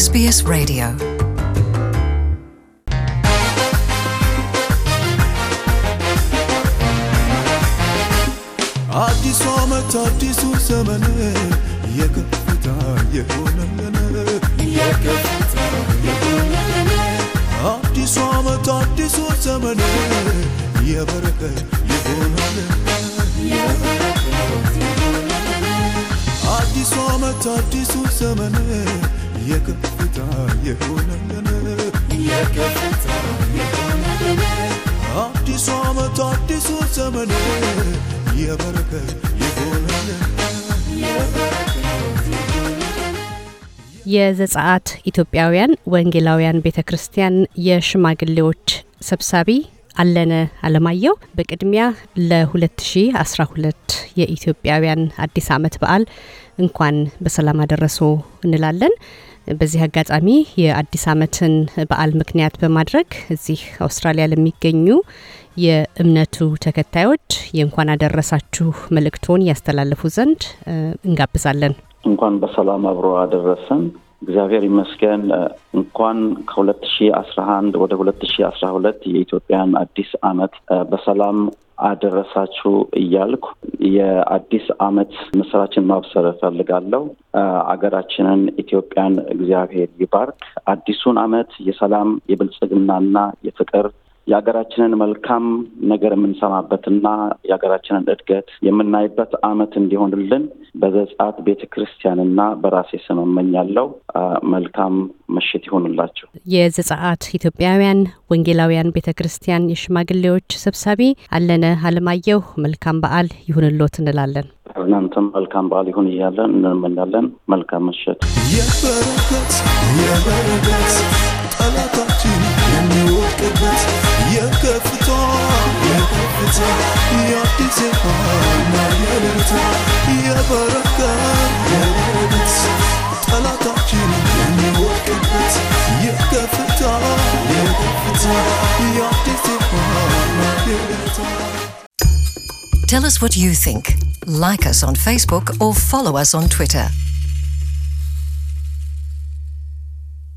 ኤስቢኤስ ሬዲዮ አዲሱ አመት አዲሱ ዘመን የከፍታ የሆነን አዲሱ ዓመት አዲሱ ዘመን የበረከት የሆነን አዲሱ ዓመት አዲሱ ዘመን የከፍታ የሆነልን አዲሱ ዓመት አዲሱ ዘመን የበረከት የሆነልን የዘጸአት ኢትዮጵያውያን ወንጌላውያን ቤተ ክርስቲያን የሽማግሌዎች ሰብሳቢ አለነ አለማየሁ በቅድሚያ ለ2012 የኢትዮጵያውያን አዲስ ዓመት በዓል እንኳን በሰላም አደረሶ እንላለን። በዚህ አጋጣሚ የአዲስ ዓመትን በዓል ምክንያት በማድረግ እዚህ አውስትራሊያ ለሚገኙ የእምነቱ ተከታዮች የእንኳን አደረሳችሁ መልእክቶን ያስተላለፉ ዘንድ እንጋብዛለን። እንኳን በሰላም አብሮ አደረሰን። እግዚአብሔር ይመስገን እንኳን ከሁለት ሺ አስራ አንድ ወደ ሁለት ሺ አስራ ሁለት የኢትዮጵያን አዲስ አመት በሰላም አደረሳችሁ እያልኩ የአዲስ አመት ምስራችን ማብሰር እፈልጋለሁ። አገራችንን ኢትዮጵያን እግዚአብሔር ይባርክ። አዲሱን አመት የሰላም የብልጽግናና የፍቅር የሀገራችንን መልካም ነገር የምንሰማበትና የሀገራችንን እድገት የምናይበት አመት እንዲሆንልን በዘጸአት ቤተ ክርስቲያንና በራሴ ስም እመኛለሁ። መልካም ምሽት ይሆንላቸው። የዘጸአት ኢትዮጵያውያን ወንጌላውያን ቤተ ክርስቲያን የሽማግሌዎች ሰብሳቢ አለነ አለማየሁ መልካም በዓል ይሁንሎት እንላለን። እናንተም መልካም በዓል ይሁን እያለን እንመኛለን። መልካም ምሽት። Tell us what you think. Like us on Facebook or follow us on Twitter.